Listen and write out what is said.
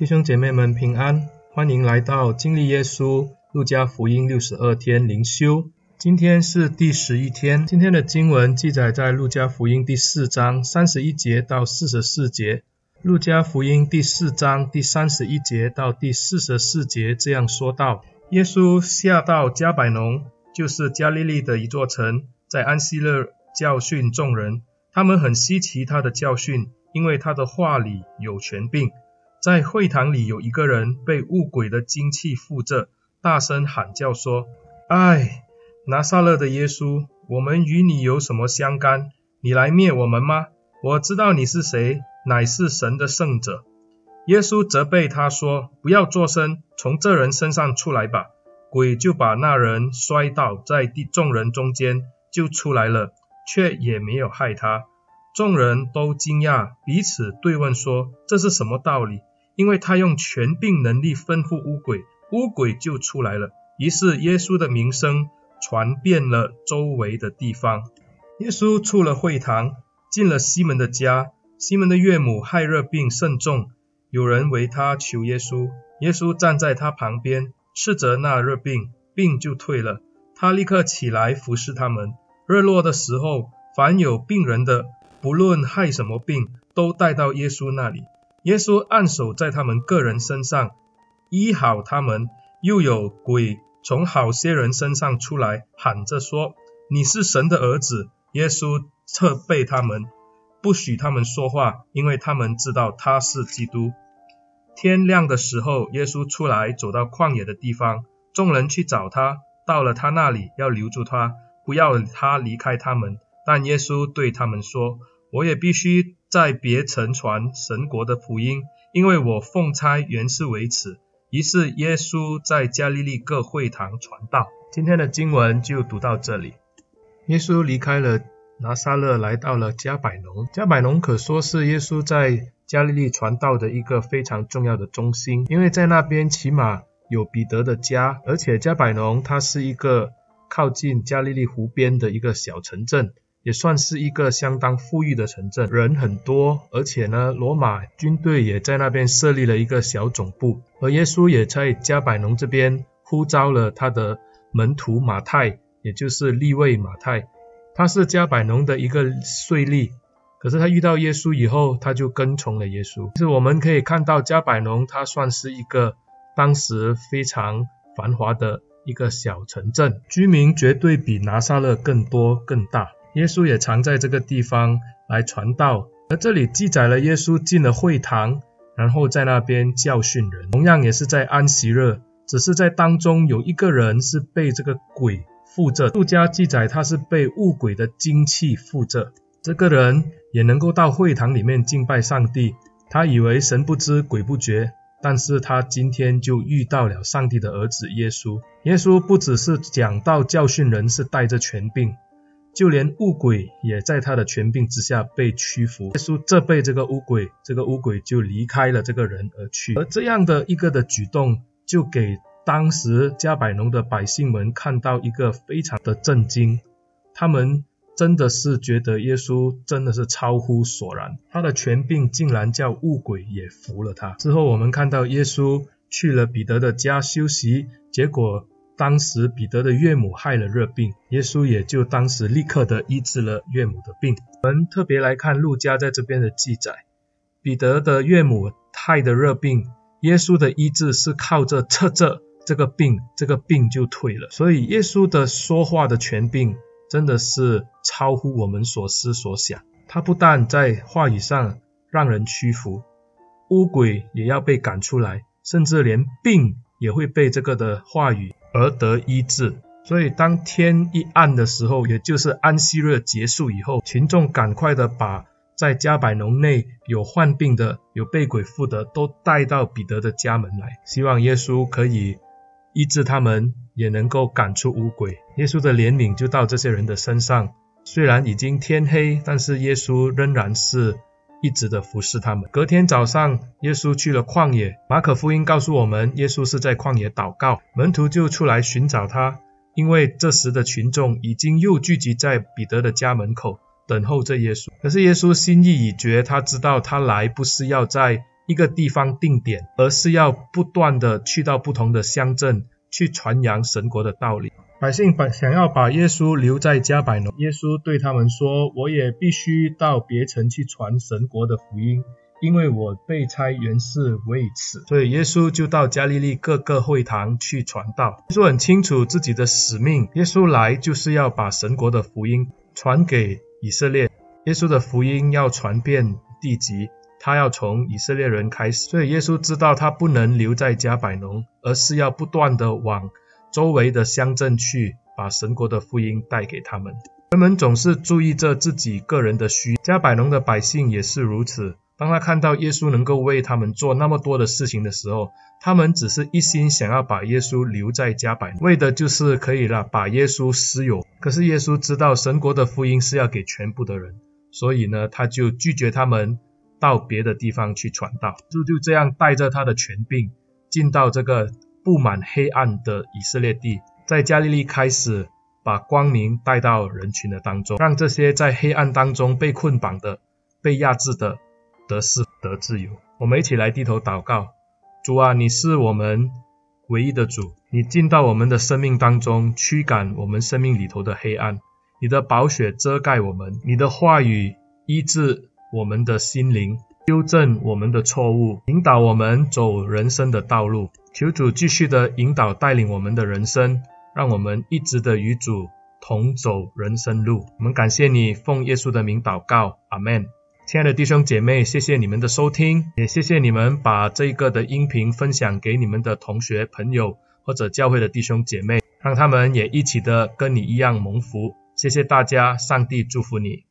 弟兄姐妹們平安，歡迎來到經歷耶穌路加福音六十二天靈修。今天是第十一天，今天的經文記載在路加福音第四章三十一節到四十四節。路加福音第四章第三十一節到第四十四節這樣說道：耶穌下到迦百農，就是加利利的一座城，在安息日教訓眾人。他們很稀奇他的教訓，因為他的話裡有權柄。在會堂裡，有一個人被污鬼的精氣附着，大聲喊叫說：“唉，拿撒勒的耶穌，我們與你有什麼相干？你來滅我們嗎？我知道你是誰，乃是神的聖者。”耶穌責備他說：“不要作聲，從這人身上出來吧。”鬼就把那人摔倒在地，眾人中間就出來了，卻也沒有害他。眾人都驚訝，彼此對問說：“這是什麼道理？”因為他用權柄能力吩咐污鬼，污鬼就出來了。於是耶穌的名聲傳遍了周圍的地方。耶穌出了會堂，進了西門的家。西門的岳母害熱病甚重，有人為他求耶穌。耶穌站在他旁邊，斥責那熱病，病就退了。他立刻起來服侍他們。日落的時候，凡有病人的，不論害什麼病，都帶到耶穌那裡。耶穌按手在他們各人身上，醫好他們。又有鬼從好些人身上出來，喊着說：“你是神的兒子。”耶穌斥責他們，不許他們說話，因為他們知道他是基督。天亮的時候，耶穌出來，走到曠野的地方。眾人去找他，到了他那裡，要留住他，不要他離開他們。但耶穌對他們說：“我也必須。”在別城傳神國的福音，因為我奉差原是為此。於是耶穌在加利利各會堂傳道。今天的經文就讀到這裡。耶穌離開了拿撒勒，來到了迦百農。迦百農可說是耶穌在加利利傳道的一個非常重要的中心，因為在那邊起碼有彼得的家，而且迦百農它是一個靠近加利利湖邊的一個小城鎮。也算是一個相當富裕的城鎮，人很多，而且呢，羅馬軍隊也在那邊設立了一個小總部。而耶穌也在迦百農這邊呼召了他的門徒馬太，也就是利未馬太，他是迦百農的一個稅吏。可是他遇到耶穌以後，他就跟從了耶穌。其實我們可以看到迦百農，它算是一個當時非常繁華的一個小城鎮，居民絕對比拿撒勒更多更大。耶穌也常在這個地方來傳道，而這裡記載了耶穌進了會堂，然後在那邊教訓人。同樣也是在安息日，只是在當中有一個人是被這個鬼附着。路加記載他是被污鬼的精氣附着。這個人也能夠到會堂裡面敬拜上帝，他以為神不知鬼不覺，但是他今天就遇到了上帝的兒子耶穌。耶穌不只是講道教訓人，是帶着權柄。就連污鬼，也在他的權柄之下被屈服。耶穌這被這個污鬼，這個污鬼就離開了這個人而去。而這樣的一個的舉動，就給當時迦百農的百姓們看到一個非常的震驚。他們真的是覺得耶穌真的是超乎所然，他的權柄竟然叫污鬼也服了他。之後我們看到耶穌去了彼得的家休息，結果。當時彼得的岳母害了熱病，耶穌也就當時立刻的醫治了岳母的病。我們特別來看路加在這邊的記載，彼得的岳母害的熱病，耶穌的醫治是靠着斥責這這個病，這個病就退了。所以耶穌的說話的權柄真的是超乎我們所思所想。他不但在話語上讓人屈服，污鬼也要被趕出來，甚至連病也會被這個的話語。而得醫治，所以當天一暗的時候，也就是安息日結束以後，群眾趕快的把在迦百農內有患病的、有被鬼附的，都帶到彼得的家門來，希望耶穌可以醫治他們，也能夠趕出污鬼。耶穌的憐憫就到這些人的身上。雖然已經天黑，但是耶穌仍然是。一直的服侍他們。隔天早上，耶穌去了曠野。馬可福音告訴我們，耶穌是在曠野禱告，門徒就出來尋找他，因為這時的群眾已經又聚集在彼得的家門口，等候着耶穌。可是耶穌心意已決，他知道他來不是要在一個地方定點，而是要不斷的去到不同的鄉鎮去傳揚神國的道理。百姓把想要把耶穌留在迦百農。耶穌對他們說：“我也必須到別城去傳神國的福音，因為我奉差原是為此。”所以耶穌就到加利利各個會堂去傳道。耶穌很清楚自己的使命，耶穌來就是要把神國的福音傳給以色列。耶穌的福音要傳遍地極，他要從以色列人開始。所以耶穌知道他不能留在迦百農，而是要不斷的往。周圍的鄉鎮去，把神國的福音帶給他們。人們總是注意着自己個人的需要，迦百農的百姓也是如此。當他看到耶穌能夠為他們做那麼多的事情的時候，他們只是一心想要把耶穌留在迦百農，為的就是可以了把耶穌私有。可是耶穌知道神國的福音是要給全部的人，所以呢，他就拒絕他們到別的地方去傳道。就就這樣帶着他的權柄，進到這個。佈滿黑暗的以色列地，在加利利開始把光明帶到人群的當中，讓這些在黑暗當中被困綁的、被壓制的得釋得自由。我們一起來低頭禱告：主啊，你是我們唯一的主，你進到我們的生命當中，驅趕我們生命裡頭的黑暗。你的寶血遮蓋我們，你的話語醫治我們的心靈，糾正我們的錯誤，引導我們走人生的道路。求主繼續的引導帶領我們的人生，讓我們一直的與主同走人生路。我們感謝你，奉耶穌的名禱告，阿門。親愛的弟兄姐妹，謝謝你們的收聽，也謝謝你們把這一個的音頻分享給你們的同學、朋友或者教會的弟兄姐妹，讓他們也一起的跟你一樣蒙福。謝謝大家，上帝祝福你。